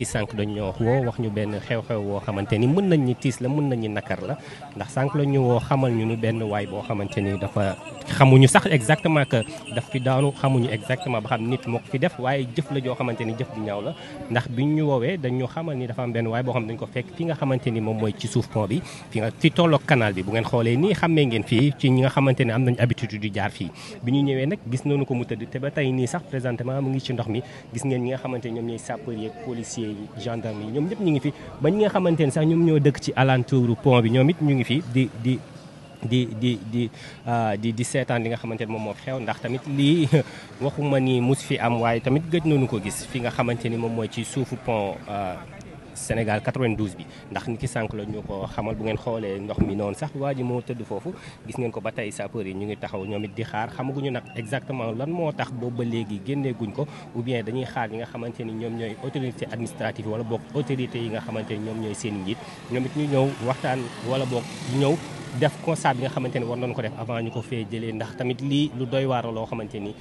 ci sànq dañ ñoo woo wax ñu benn xew-xew woo xamante ni mën nañ tiis la mën nañ ñi nakar la ndax sànq la woo xamal ñu nu benn waay boo xamante ni dafa xamuñu sax exactement que daf fi daanu xamuñu exactement ba xam nit moo ko fi def waaye jëf la joo xamante ni jëf bu ñaaw la ndax biñ ñu woowee dañ xamal ni dafa am benn waay boo xam dañ ko fekk fi nga xamante ni moom mooy ci suuf pont bi fi tolloog canal bi bu ngeen xoolee nii xammee ngeen fii ci gendarme yi ñoom ñëpp ñu ngi fi ba ñu nga xamante ne sax ñoom ñoo dëkk ci alentouru pont bi ñoom it ñu ngi fi di di di di di ah, di di seetaan li nga xamante ni moom moo xew ndax tamit lii waxuma ni mus fi am waaye tamit gëj noonu ko gis fi nga xamante ni moom mooy ci suufu pont ah, Sénégal 92 bi ndax nit ki sànq la ñu ko xamal bu ngeen xoolee ndox mi noonu sax waa ji moo tëdd foofu gis ngeen ko ba tey sapeur yi ñu ngi taxaw ñoom di xaar xamaguñu nag exactement lan moo tax boobu ba léegi génneeguñ ko ou bien dañuy xaar ñi nga xamante ni ñoom ñooy autorité administrative wala boog autorité yi nga xamante ni ñoom ñooy seen njiit ñoom it ñu ñëw waxtaan wala boog ñëw def constat bi nga xamante ni war nañu ko def avant ñu ko fee jëlee ndax tamit lii lu doy waar loo xamante ni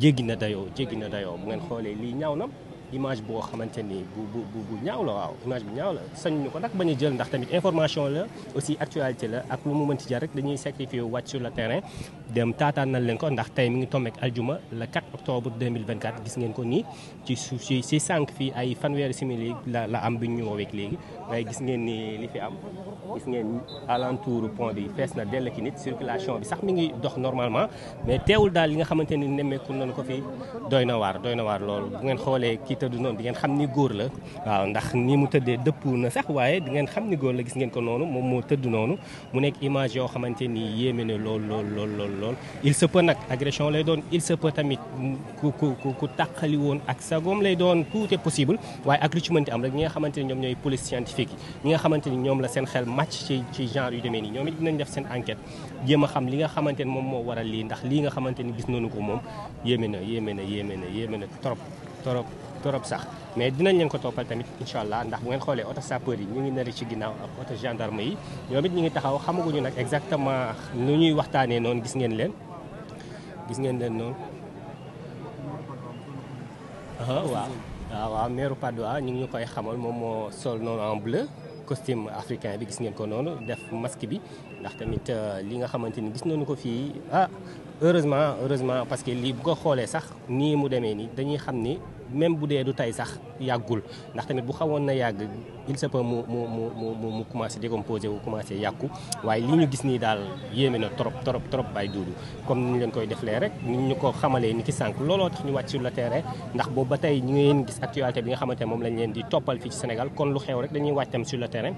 jéggi na dayoo jéggi na dayoo bu ngeen xoolee lii ñaaw na image boo xamante ni bu bu bu ñaaw la waaw image bu ñaaw la sañ ñu ko nag bañ a jël ndax tamit information la aussi actualité la ak lu mu mënti jar rek dañuy sacrifier wàcc sur le terrain dem taataan nañ leen ko ndax tey mi ngi tombeek aljuma le 4 octobre 2024 gis ngeen ko nii ci suuf si si sànq fii ay fanweeri simili la la am bi ñu wooweeg léegi waaye gis ngeen ni li fi am gis ngeen alentour pont bi fees na dell ki nit circulation bi sax mu ngi dox normalement mais teewul daal li nga xamante ni nemmeeku nañ ko fi doy na waar doy na ki tëdd noonu di ngeen xam ni góor la waaw ndax ni mu tëddee dëpp na sax waaye di ngeen xam ni góor la gis ngeen ko noonu moom moo tëdd noonu mu nekk image yoo xamante nii yéeme na lool lool lool lool lool il se nag agression lay doon il se tamit ku ku ku tàqali woon ak sagoom lay doon tout est possible waaye ak lu ci mënti am rek ñi nga xamante ni ñoom ñooy police scientifique yi ñi nga xamante ni ñoom la seen xel màcc ci genre yu demee nii ñoom it dinañ def seen enquête jéem a xam li nga xamante ni moom moo waral lii ndax lii nga xamante ni gis noonu ko moom yéeme na yéeme na yéeme na yéeme na trop torop torop sax mais dinañ leen ko toppal tamit incha allah ndax bu ngeen xoolee oto sapeur yi ñu ngi nari ci ginnaaw ak oto gendarme yi ñoom it ñu ngi taxaw ñu nag exactement nu ñuy waxtaanee noonu gis ngeen leen gis ngeen leen noonu waaw waaw ñu ngi koy xamal moom moo sol noonu en bleu costume africain bi gis ngeen ko noonu def masque bi ndax tamit euh, li nga xamante ni gis nañu ko fii ah heureusement heureusement parce que lii xoolee sax nii mu demee nii dañuy xam ni même bu dee du tey sax yàggul ndax tamit bu xawoon na yàgg il se peut mu mu mu mu mu commencé décomposé wu commencé yàqu waaye li ñu gis nii daal yéeme na trop trop trop bay duudu comme nu ñu leen koy deflee rek ni ñu ko xamalee ni ki sànq looloo tax ñu wàcc le terrain ndax boobu ba tey ñu ngeen gis actualité bi nga xamante ne moom lañ leen di toppal fii ci Sénégal kon lu xew rek dañuy wàcc tam sur le terrain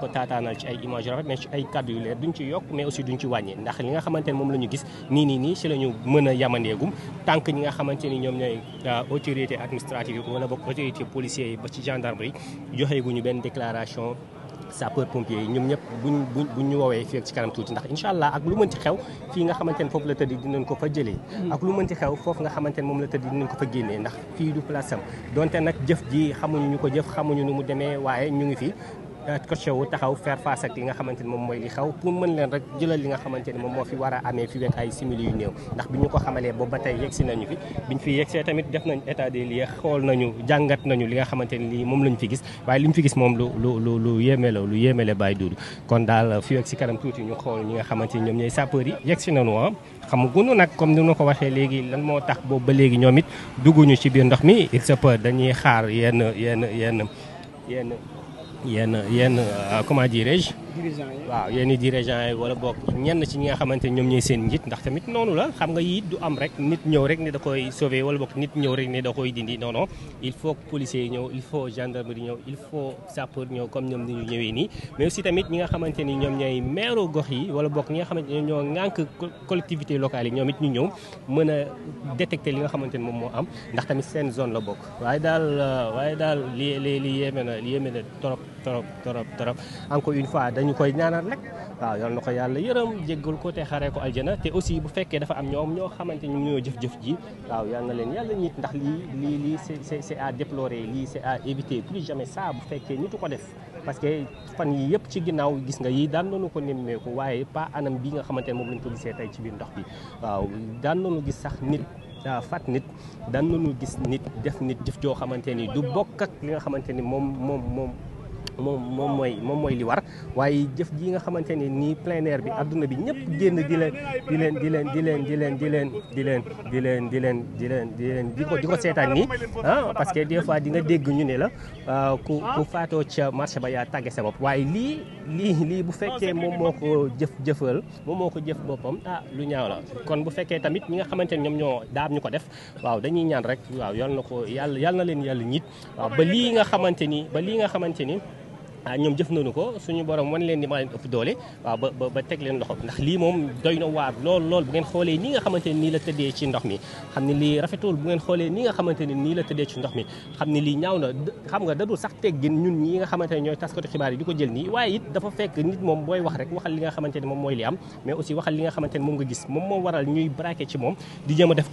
ko taataanal ci image rafet mais ci ay kàddu yu leer duñ ci yokk mais ci wàññi ndax nga xamante ne moom la ñu gis nii nii nii si la ñu mën a yamandeegum tànk ñi nga xamante ni ñoom ñooy euh, autorité administrative yi ko mën a bokk autorité policiers yi ba ci gendarmerie joxe guñu benn déclaration sapeur pompier yi ñoom ñëpp buñ buñ buñ ñu woowee fii ak tuuti ndax incha allah ak lu mënti xew fii nga xamante ne foofu la tëdd dinañ ko fa jëlee mm. ak lu mënti xew foofu nga xamante ne moom la tëdd dinañ ko fa génnee ndax fii du place am donte nag jëf ji xamuñu ñu ko jëf xamuñu nu mu demee waaye ñu ngi fi coach wu taxaw faire face ak nga xamante ni moom mooy li xaw pour mën leen rek jëlal li nga xamante ni moom moo fi war a amee fi wekk ay simili yu néew ndax bi ñu ko xamalee boobu ba tey yegsi nañu fi biñ fi yegsee tamit def nañ état des lieux xool nañu jàngat nañu li nga xamante ni lii moom lañu fi gis waaye li ñu fi gis moom lu lu lu lu yéeme la lu yéeme la Baye Doudou kon daal fi wekk si kanam tuuti ñu xool ñi nga xamante ni ñoom ñooy sapeurs yi yegsi nañu ah xamaguñu ko waxee léegi lan moo tax boobu ba léegi ñoom it dugguñu ci biir ndox mi il se peut dañuy xaar yenn yenn yenn yenn euh, comment dirais-je waaw yenn dirigeant yi wala bokk ñenn ci ñi nga xamante ñoom ñooy seen njit ndax tamit noonu la xam nga yit du am rek nit ñëw rek ne da koy sauver wala bokk nit ñëw rek ne da koy dindi non il faut policiers ñëw il faut gendarmerie ñëw il faut sapeur ñëw comme ñoom ni ñu ñëwee nii mais aussi tamit ñi nga xamante ni ñoom ñooy maire gox yi wala bokk ñi nga xamante ñoom ñoo ŋànk collectivité yi ñoom it ñu ñëw mën a détecter li nga xamante ni moom moo am ndax tamit seen zone la bokk waaye daal waaye daal trop trop trop encore une fois dañu koy ñaanal rek waaw yal na ko yàlla yërëm jéggal ko te xaree ko aljana te aussi bu fekkee dafa am ñoom ñoo xamante ñu ñoo jëf-jëf ji waaw yal na leen yàlla nit ndax lii lii lii c'est c'est à déplorer lii c'est à éviter plus bu fekkee nitu ko def parce que fan yi yëpp ci ginnaaw gis nga yi daan nañu ko nemmeeku waaye pas anam bi nga xamante ne moom lañ ko gisee tey ci biir ndox bi waaw daan gis sax nit daa ah, fat nit daan nañu gis nit def nit jëf joo xamante ni du bokk ak li nga xamante ni moom moom moom moom moom mooy moom mooy li war waaye jëf ji nga xamante ni nii plein bi adduna bi ñëpp génn di leen di leen di leen di leen di leen di leen di leen di leen di leen di leen di di ko di ko seetaan nii ah parce que des fois di nga dégg ñu ne la ku ku faatoo ca marché ba yaa tàgge sa bopp waaye lii lii lii bu fekkee moom moo ko jëf jëfal moom moo ko jëf boppam ah lu ñaaw la kon bu fekkee tamit ñi nga xamante ni ñoom ñoo daam ñu ko def waaw dañu ñaan rek waaw yal na ko yàlla yal na leen yàlla ñit waaw ba nga xamante ni nga xamante ni Ah, ñoom jëf nañu ko suñu borom wan leen ni maa leen ëpp doole waaw ba ba teg leen loxo ndax lii moom doy na waar lool bu ngeen xoolee nii nga xamante nii la tëddee ci ndox mi xam ne lii ñaaw na xam nga dadul sax teggin ñun ñi nga xamante am mais aussi waxal li nga xamante ne moom nga gis moom a def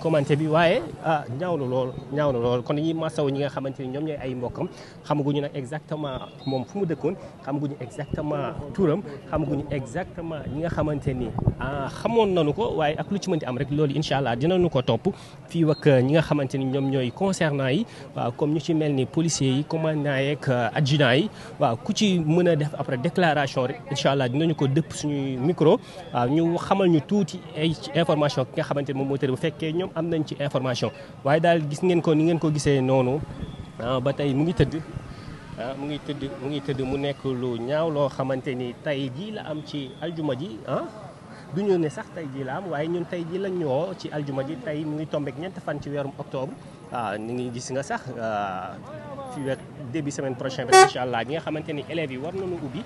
ah, na lool ñaaw na lool kon dañuy masaw ñi nga xamante ne ñoom ñooy ay mbokkam xamaguñu nag exactement moom fu mu dëkk nekkoon xamaguñu exactement turam xamaguñu exactement ñi nga xamante ni ah, xamoon nañu ko waaye ak lu ci mënti am rek loolu incha allah dinañu ko topp fii ak ñi nga xamante ni ñoom ñooy concernant yi waaw comme ñu ci mel ni policiers yi commandant yeeg adjudant yi waaw ku ci mën a def après déclaration rek incha allah dinañu ko dëpp suñuy micro waaw ñu xamal ñu tuuti ay information ki nga xamante ni moom moo tëdd bu fekkee ñoom am nañ ci information waaye daal ko ni ngeen Ah, mu ngi tëdd mu ngi tëdd mu nekk lu ñaaw loo xamante ni tey jii la am ci aljuma ji ah du ñu ne sax tey jii la am waaye ñun tey jii la ñoo ci aljuma ji tey mu ngi tombeek ñeent fan ci weerum octobre ah ñu ngi gis nga sax ah, fi wet début semaine prochaine rek allah ñi nga xamante ni élèves yi war nañu ubbi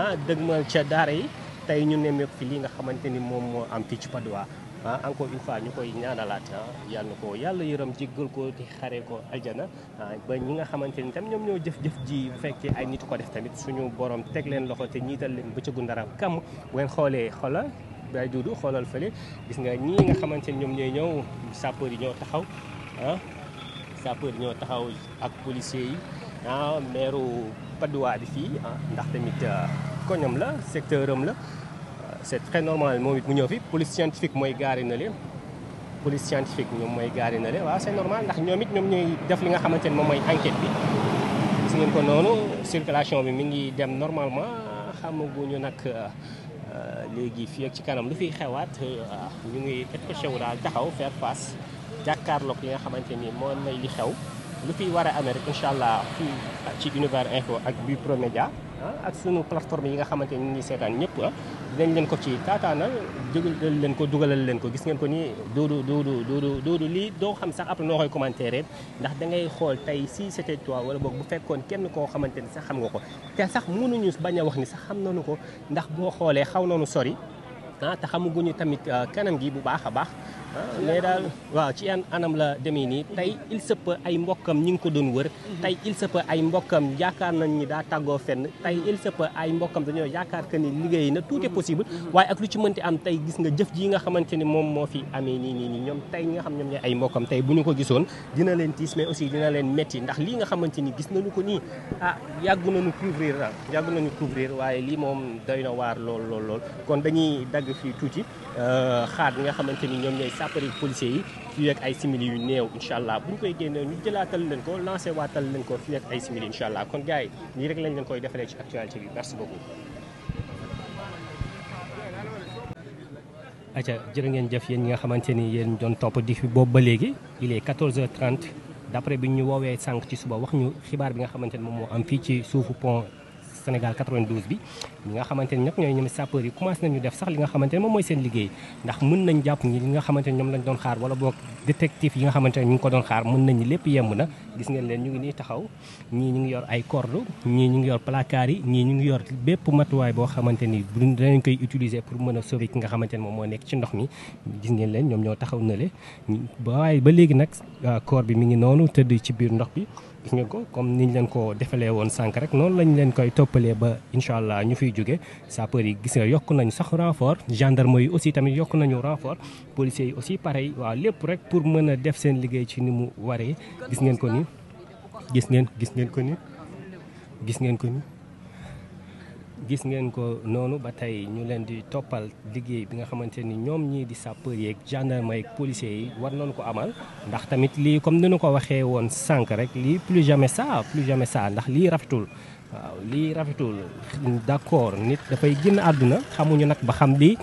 ah dëgmal ca daara yi tey ñu nemmeeku fi nga xamante ni moom moo am fii ci Padoa ah encore une fois ñu koy ñaanalaat ah, yal na ko yàlla yërëm jéggal ko di xare ko aljana ah, ba ñi nga xamante ni tam ñoom ñoo jëf-jëf ji bu fekkee ay nit ko def tamit suñu borom teg leen loxo te ñiital leen bëccëgu ndaram kam bu ngeen xoolee xoola bay duudu xoolal fa fële gis nga ñii nga xamante ni ñoom ñooy ñëw sapeur yi ñoo taxaw ah sapeur ñoo taxaw ak policier yi ah meeru Padoua bi fii ah, ndax tamit koñam la secteur am la c'est très normal moom it mu ñëw fi police scientifique mooy gaari na leen police scientifique ñoom mooy gaari na leen waaw c'est normal ndax ñoom it ñoom ñuy def li nga xamante ne moom mooy enquête noonu circulation bi mi ngi dem normalement xamaguñu nag euh, euh, léegi fii ak ci kanam lu fiy xewaat euh, ñu ngi écoché wu daal taxaw faire face jàkkaarloog li nga xamante ni moo may li xew lu fiy war a ame rek incha allah fii ci univers info ak bi média ak sunu plateforme yi nga xamante ni ñuy seetaan ñëpp ah, dañ leen ko ci taataanal dugalal leen ko dugalal leen ko gis ngeen ko ni Doudou Doudou Doudou Doudou lii doo xam sax après noo koy commentaire ndax da ngay xool tey si c'était toi wala boog bu fekkoon kenn koo xamante ni sax xam nga ko te sax mënuñu bañ a wax ni sax xam nu ko ndax boo xoolee xaw na nañu sori ah te xamaguñu tamit ah, kanam gi bu baax a baax. mais daal waaw ci an anam la demee nii tey il se peut ay mbokkam ñi ngi ko doon wër tey il se ay mbokkam yaakaar nañ ni daa tàggoo fenn tey il se ay mbokkam dañoo yaakaar que ni liggéey na tout est possible waaye ak lu ci mënti am tey gis nga jëf ji nga xamante ni moom moo fi amee nii nii ñoom tey ñi nga xam ñoom ñooy ay mbokkam tey bu ñu ko gisoon dina leen tiis mais aussi dina leen métti ndax lii nga xamante ni gis nañu ko nii ah yàgg na couvrir ah nañu couvrir waaye lii moom doy na waar lool lool lool kon dañuy dagg fii tuuti euh, xaat nga xamante ni sapeurs policiers yi ay simili yu néew incha allah koy génnee ñu leen ko lancé waatal leen ko fii ay simili incha allah kon gars yi nii lañ leen koy defalee ci actualité bi merci beaucoup. aca ngeen jëf yéen ñi nga xamante ni yéen doon topp di fi boobu ba léegi il est 14 h bi ñu woowee sànq ci suba wax ñu xibaar bi nga xamante ni moom moo am fii ci suufu pont. Sénégal 92 bi ñi nga xamante ni nag ñooy ñoom sapeurs yi commencé def sax li nga xamante ne moom mooy seen liggéey ndax mën nañ jàpp ne ñoom lañ doon xaar wala boog détective yi nga xamante ne ñu ngi ko doon xaar mën nañu na gis ngeen leen ñu ngi nii taxaw ñii yor ay corde ñii ñu ngi yor placard yi ñii ñu ngi yor bépp matuwaay boo xamante ni bu danañ koy utiliser pour mën a sauver ki nga xamante ne moom moo nekk ci ndox mi gis ngeen leen ñoom ñoo taxaw na le waaye ba léegi nag koor bi mi ngi noonu tëdd ci biir ndox bi gis nga ko comme niñ leen ko defalee woon sànq rek noonu lañ leen koy toppalee ba incha allah ñu fiy jóge sapeur yi gis nga yokk nañ sax renfort gendarme yi aussi tamit yokk nañu renfort policiers yi aussi pareil waaw lépp rek pour mën a def seen liggéey ci ni mu waree gis ngeen ko ni gis ngeen gis ngeen ko ni gis ngeen ko ni gis ngeen ko noonu ba tey ñu leen di toppal liggéey bi nga xamante ni ñoom ñii di sapeur yeeg gendarme yeeg policier yi war nañu ko amal ndax tamit lii comme ni ñu ko waxee woon sànq rek lii plus jamais ça plus jamais ça ndax lii rafetul waaw lii rafetul d'accord nit dafay génn àdduna xamuñu nag ba xam lii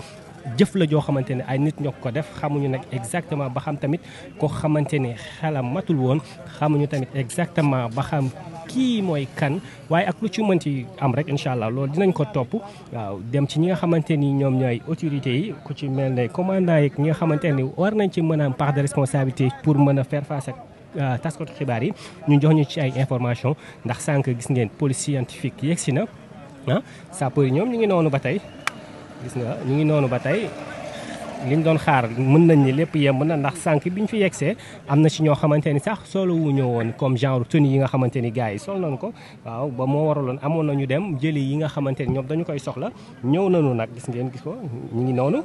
jëf la joo xamante ne ay nit ñoo ko def xamuñu nag exactement ba xam tamit ko xamante ne xelam matul woon xamuñu tamit exactement ba xam kii mooy kan waaye ak lu ci mënti am rek incha allah loolu dinañ ko topp waaw dem ci ñi nga xamante ni ñoom ñooy autorité yi ku ci mel ne commandant yeeg ñi nga xamante ni war nañ ci mën a pax part de responsabilité pour mën a faire face ak euh, xibaar yi ñu jox ñu ci ay information ndax sànq gis ngeen police scientifique yegg si na ah sapeurs yi ñoom ñu ngi noonu ba tey gis nga ñu ngi noonu ba tey liñ doon xaar mën nañ ni lépp yemb na ndax sànq biñ fi yegsee am na ci ñoo xamante ni sax solo wu ñu woon comme genre tenue yi nga xamante ni gars yi sol nañ ko waaw ba moo waraloon amoon nañu dem jëli yi nga xamante ni ñoom dañu koy soxla ñëw nañu nag gis ngeen gis ko ñu ngi noonu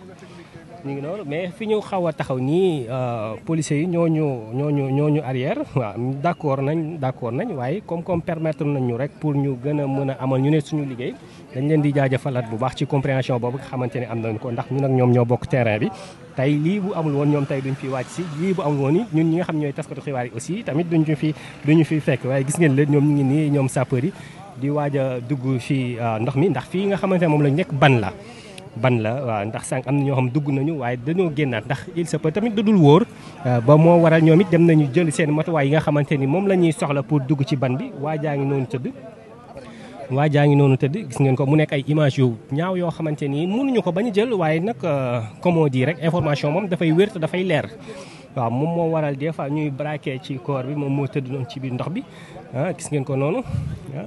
ñu ngi noonu mais fi ñu xaw a taxaw nii euh, policiers yi ñooñu ñooñu ñooñu arrière waaw d' accord nañ d' accord nañ waaye comme comme permettre nañ ñu rek pour ñu gën a mën a amal ñu ne suñu liggéey dañ leen di jaajëfalaat bu baax ci compréhension boobu nga xamante ne am nañ ko ndax ñun ñoom ñoo bokk terrain bi tey lii bu amul woon ñoom tey duñ fi wàcc si lii bu amul woon yi ñun ñi nga xam ñooy taskatu xibaar yi aussi tamit duñ ñu fi duñu fi fekk waaye gis ngeen leen ñoom ñu ngi nii ñoom sapeur di waaja a dugg fi euh, ndox mi ndax fii nga xamante ne moom lañ nekk ban la ban la waaw ndax sànq am na ñoo xam dugg nañu waaye dañoo génnaat ndax il sa peut tamit dudul wóor euh, ba moo waral ñoom it dem nañu jël seen matuwaay yi nga xamante ni moom la ñuy soxla pour dugg ci ban bi waa jaa ngi noonu tëdd. waa jaa ngi noonu tëdd gis ngeen ko mu nekk ay image yu ñaaw yoo xamante ni mënuñu ko bañ a jël waaye nag euh, comme on rek information moom dafay wér te dafay leer. waaw moom moo waral dee fois ñuy braqué ci corps bi moom moo tëdd noonu ci biir ndox bi ah gis ngeen ko noonu ah.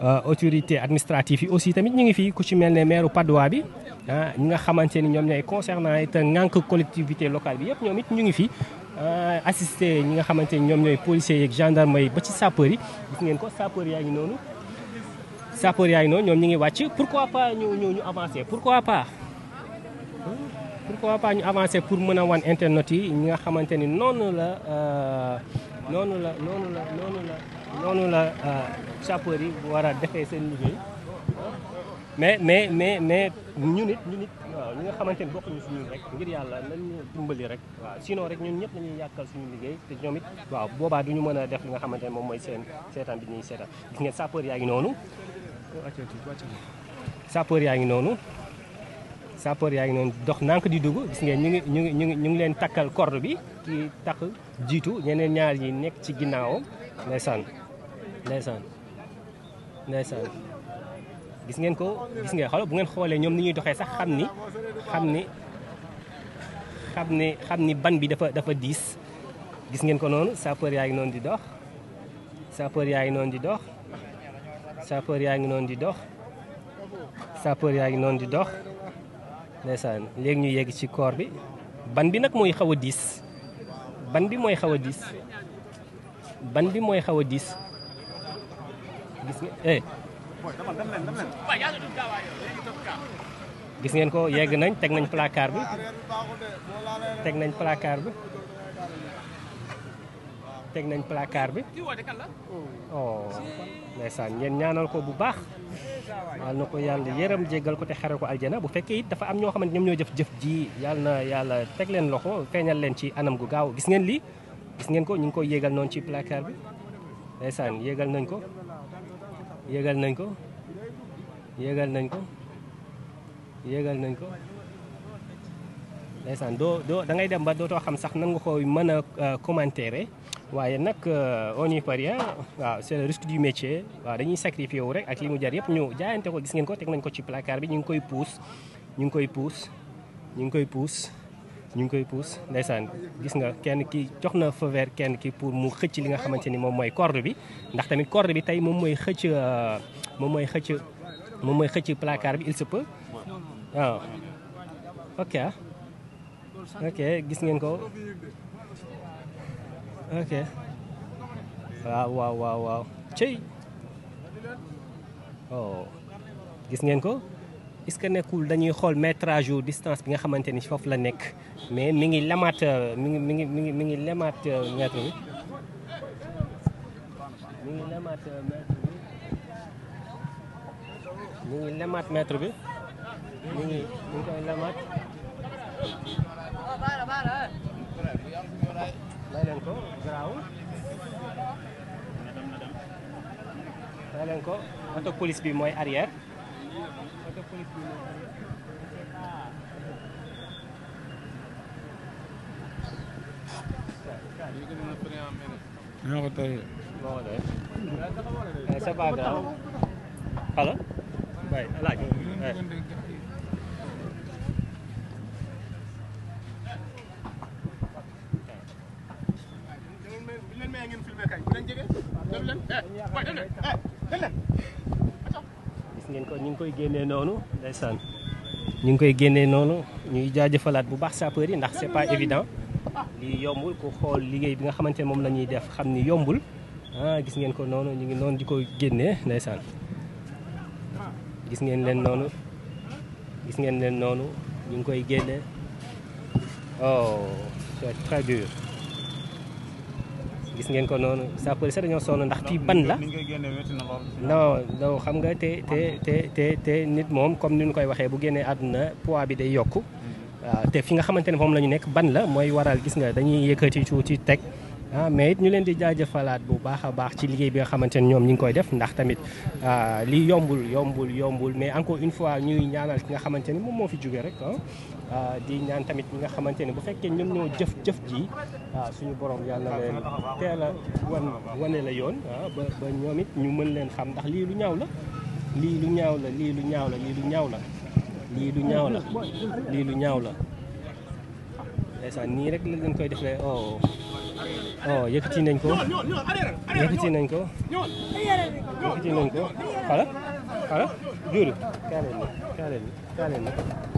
Euh, autorité administrative yi aussi tamit ñu ngi fii ku ci mel ne maire Padoa bi ah, ñi nga xamante ni ñoom ñooy concernant it ngànk collectivité locale bi yëpp ñoom it ñu ngi fi. Euh, assisté ñi nga xamante ni ñoom ñooy policiers eg gendarme yi ba ci sapeur yi gis ngeen ko sapeur yaa ngi noonu sapeur yaa ngi noonu ñoom ñu ngi wàcc pourquoi pas ñu ñu ñu avancer pourquoi pas. pourquoi pas pour mën a wan internet yi ñi nga xamante ni noonu la euh, noonu la noonu la noonu la noonu la euh, sapeurs yi war a defee seen liggéey mais mais mais mais ñu nit ñu nit nga xamante ni bokkuñu suñu rek ngir yàlla nañ dumbali rek waaw sinon rek ñun ñëpp nañuy yàkkal suñu liggéey te ñoom waaw boobaa duñu mën a def li nga xamante ne moom mooy seen seetaan bi ñuy seetaan gis ngeen sapeurs yaa ngi noonu sapeurs yaa ngi noonu sapeurs yaa ngi noonu dox nank di dugg gis ngeen ñu ngi ñu ngi ñu ngi leen takkal corde bi kii takk jiitu ñeneen ñaar yi nekk ci ginnaaw ginnaawam ndeysaan ndeysaan ndeysaan gis ngeen ko gis ngeen xolo bu ngeen xoolee ñoom ni ñuy doxee sax xam ni xam ni xam ni xam ni ban bi dafa dafa diis gis ngeen ko noonu sapeur yaa ngi noonu di dox sapeur yaa ngi noonu di dox sapeur yaa ngi noonu di dox sapeur yaa ngi noonu di dox ndeysaan léegi ñu yegg ci koor bi ban bi nag mooy xaw a diis ban bi mooy xaw a diis ban bi mooy xaw a diis gis ngeen eh. gis ngeen ko yegg nañ teg nañ placard bi teg nañ placard bi teg nañ placard bi oh ndeysaan ngeen ñaanal ko bu baax yal na ko yàlla yërëm jéggal ko te xare ko aljana bu fekkee it dafa am ñoo xamante ñoom ñoo jëf jëf ji yàlla na yàlla teg leen loxo feeñal leen ci anam gu gaaw gis ngeen lii gis ngeen ko ñu ngi koy yéegal noonu ci placard bi ndeysaan yéegal nañ ko yéegal nañ ko yéegal nañ ko yéegal nañ ko ndeysaan doo doo da ngay dem ba dootoo xam sax nan nga koy mën a euh, commentaire waaye nag euh, on y peut ya waaw c'est le risque du métier waaw dañuy sacrifié wu rek ak li mu jar yëpp ñu jaayante ko gis ngeen ko teg nañ ko ci placard bi ñu ngi koy puus ñu ngi koy puus ñu ngi koy puus ñu ngi koy puus ndeysaan gis nga kenn ki jox na feu kenn ki pour mu xëcc li nga xamante ni moom mooy corde bi ndax tamit corde bi tey moom mooy xëcc euh, moom mooy xëcc moom mooy xëcc placard bi il se peut waaw ok gis ngeen ko ok ah, waaw waaw waaw waaw cëy oh. gis ngeen ko est-ce que nekkul dañuy xool mettre jour distance bi nga xamante ni foofu la nekk mais mi ngi lemaat mi ngi mi ngi mi ngi mi ngi lemaat euh, euh, mètre bi mi ngi lemaat mètre bi mi ngi lemaat mètre bi mi ngi may leen ko garaawul may leen ko oto police bi mooy arrière oto police bi mooy arrière moo ko tey bay laaj gis ngeen ko ñu ngi koy génnee noonu ndeysaan ñu ngi koy génnee noonu ñuy jaajëfalaat bu baax sapeur yi ndax c'est pas évident lii yombul ku xool liggéey bi nga xamante ne moom lañuy def xam ni yombul ah, gis ngeen ko noonu ñu ngi noonu di ko génnee ndeysaan gis ngeen leen noonu gis ngeen leen noonu ñu ngi koy génne oh c'est très dur gis ngeen ko noonu sapeur sax dañoo sonn ndax fii ban la non non xam nga te te te te nit moom comme ni ñu koy waxee bu génnee àdduna pois bi day yokku ah, te fi nga xamante ne moom la ñu nekk ban la mooy waral gis nga dañuy yëkkati tuuti teg ah mais ñu leen di jaajëfalaat bu baax a baax ci liggéey bi nga xamante ne ñoom ñu ngi koy def ndax tamit ah, li yombul yombul yombul mais encore une fois ñuy ñaanal ki nga xamante ni moom moo fi jóge rek ah. Ah, di ñaan tamit ñi nga xamante ne bu fekkee ñoom ñoo jëf jëf ji ah, suñu borom yàlla na leen teel a wan wane la yoon ah, ba ba ñoom it ñu mën leen xam ndax lii lu ñaaw la lii lu ñaaw la lii lu ñaaw la lii lu ñaaw la lii lu ñaaw la lii lu ñaaw la ndeysaan nii rek la leen koy defee oh oh yëkkati nañ ko yëkkati nañ ko yëkkati nañ ko xala xala juri kaa leen ni kaa leen ni kaa leen ni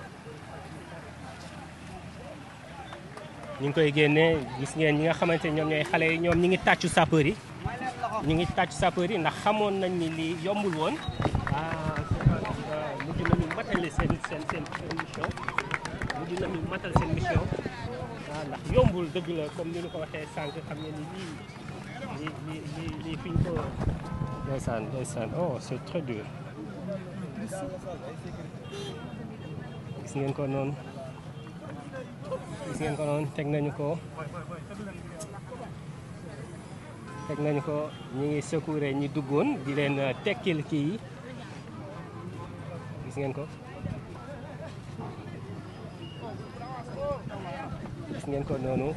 ñu ngi koy génnee gis ngeen ñi nga xamante ne ñoom ñooy xale yi ñoom ñu ngi tàccu sapeur yi ñu ngi tàccu sapeur yi ndax xamoon nañ ni lii yombul woon mujj nañu matale seen seen seen mission mujj nañu matal seen mission waaw ah, ndax yombul dëgg la comme ni ñu ko waxee sànq xam ngeen ni lii lii lii lii lii fi ñu ko ndeysaan ndeysaan oh c'est très dur gis ngeen ko noonu gis ngeen ko noonu teg nañu ko teg nañu ko ñi ngi secourer ñi duggoon di leen uh, tekkil kii gis ngeen ko gis ngeen ko noonu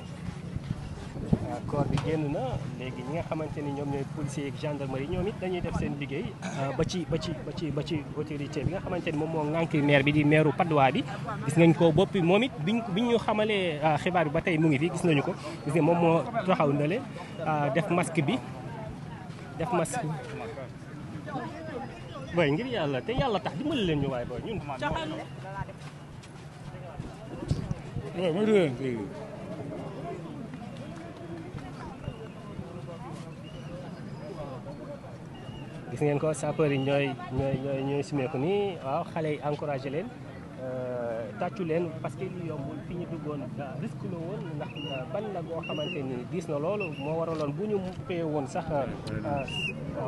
corps bi génn na léegi ñi nga xamante ni ñoom ñooy policiers ak gendarmerie ñoom it dañuy def seen liggéey euh, ba ci ba ci ba ci ba ci autorité bi nga xamante ni moom moo ŋànki maire bi di maireu Padois bi gis nañ ko bopp moom it biñ biñ ñu xamalee euh, xibaar bi ba tey mu ngi fi gis nañu ko gis nga moom moo taxaw na le euh, def mask bi def masque booy ngir yàlla te yàlla tax dimbali leen ñu waaye booy ñun caaxaanu gis ngeen ko sapeur yi ñooy ñooy simeeku nii waaw xale yi encouragé leen Euh, tàccu leen parce que li yombul fi ñu duggoon risque la woon ndax euh, ban la goo diis na loolu moo waraloon bu ñu payé woon sax euh,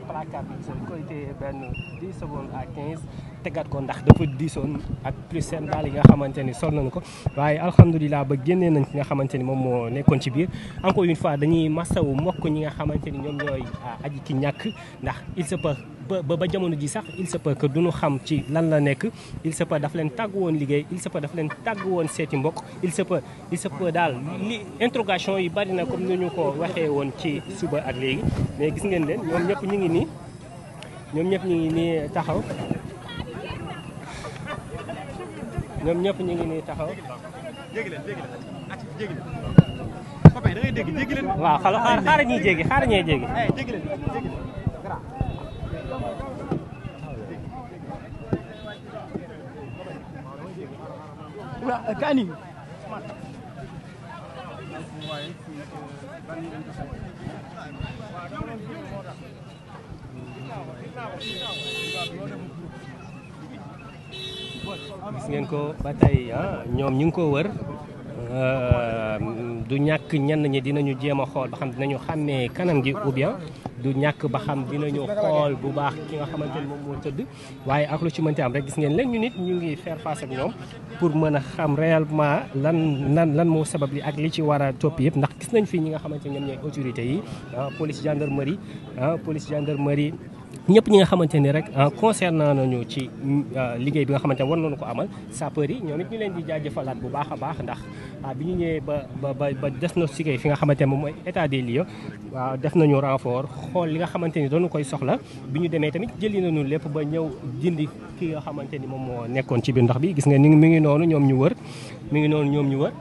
placard bi seen koy téye benn 10 secondes à 15 tegaat ko ndax dafa diisoon ak plus seen daal yi nga xamante ni sol nañu ko waaye alhamdulilah ba génnee nañ ki nga xamante ni moom moo nekkoon ci biir yu une fois dañuy masawu mbokk ñi nga xamante ni ñoom ñooy aji ki ñàkk ndax il se peut ba ba jamono ji sax il se peut xam ci lan la nekk il daf leen tàgg woon liggéey il se peut daf leen tàgg woon seeti mbokk il se peut il se peut daal li interrogation yi bari na comme ni ñu ko waxee woon ci suba ak léegi mais gis ngeen leen ñoom ñëpp ñu ngi nii ñoom ñëpp ñu ngi taxaw ñoom ñëpp ñu nii taxaw waaw xala xaar xaar ñuy jéggi xaar ñuy jéggi eh, Euh, Kani. gis ngeen ah, ñoom ñu ngi ko wër Euh, du ñàkk ñenn ñi dinañu jéem a xool ba xam dinañu xàmmee kanam gi ou bien du ñàkk ba xam dinañu xool bu baax ki nga xamante ni moom moo tëdd waaye ak lu ci mënti am rek gis ngeen leen ñu nit ñu ngi faire face ak ñoom pour mën a xam réellement lan lan lan moo sabab li ak li ci war a topp yëpp ndax gis nañ fii ñi nga xamante ne ñoom ñooy autorités yi ah, police gendarmerie ah, police gendarmerie ñëpp ñi nga xamante ni rek ah, concernant nañu ci ah, liggéey bi nga xamante ne war nañu ko amal sapeur yi ñoom ñu leen di jaajëfalaat bu baax a baax ndax ah, bi ñu ñëwee ba ba ba ba diagnostiqué fi nga xamante ne moom mooy état des def nañu renfort xool li nga xamante ni doonu koy soxla bu ñu demee tamit jëli nañu lépp ba ñëw dindi ki nga xamante ni moom moo nekkoon ci biir ndox bi gis nga ni mi ngi noonu ñoom ñu wër mi ngi noonu ñoom ñu wër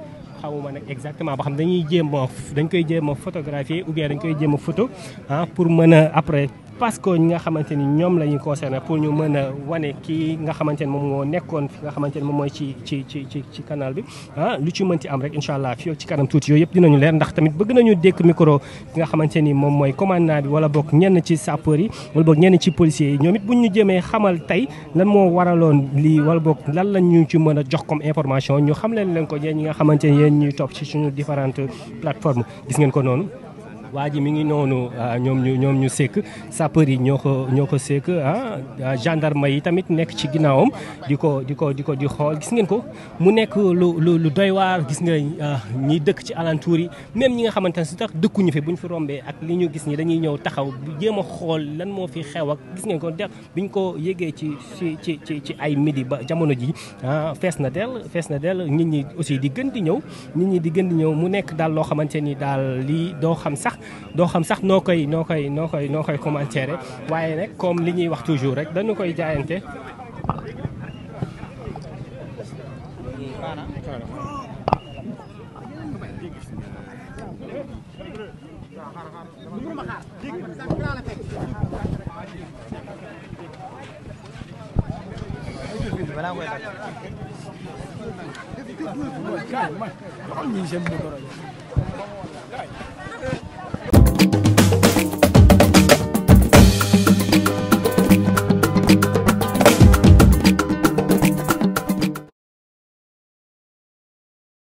xawuma nag exactement ba xam dañuy jéem a dañ koy jéem a photographier dañ koy jéem a photo ah pour mën a après PASCO ñi nga xamante ni ñoom la ñu pour ñu mën wane kii nga xamante ni moom moo nekkoon fi nga xamante ni moom mooy ci ci ci ci ci canal bi ah lu ci mënti am rek incha allah fii ci kanam tuuti yooyu yëpp dinañu leer ndax tamit bëgg nañu dékk micro ki nga xamante ni moom mooy commandant bi wala bokk ñenn ci sapeurs yi wala boog ñenn ci policiers yi ñoom it buñ ñu jëmee xamal tey lan moo waraloon lii wala bokk lan lañ ñu ci mën a jox comme information ñu xam leen leen ko ñeen ñi nga xamante ni yéen ñuy topp ci suñu différentes plateformes gis ngeen ko noonu waa ji mi ngi noonu ah, ñoom ñu ñoom ñu sekk sapeur yi ñoo ko ñoo ko sekk ah, ah gendarme yi tamit nekk ci ginnaawam di ko di ko di ko di xool gis ngeen ko mu nekk lu lu lu doy waar gis nga ah, ñi dëkk ci alentour yi même ñi nga xamante ne si tax dëkkuñu fi buñ fi rombee ak li ñu gis nii dañuy ñëw taxaw jéem a xool lan moo fi xew ak gis ngeen ko def biñ ko yégee ci ci ci ci ci ay midi ba jamono ji ah fees na dell fees na dell nit ñi aussi di gën di ñëw nit ñi di gën di ñëw mu nekk daal loo xamante ni daal lii doo xam sax doo xam sax noo koy noo koy noo koy noo koy commentaire waaye nag comme li ñuy wax toujours rek dañu koy jaayante.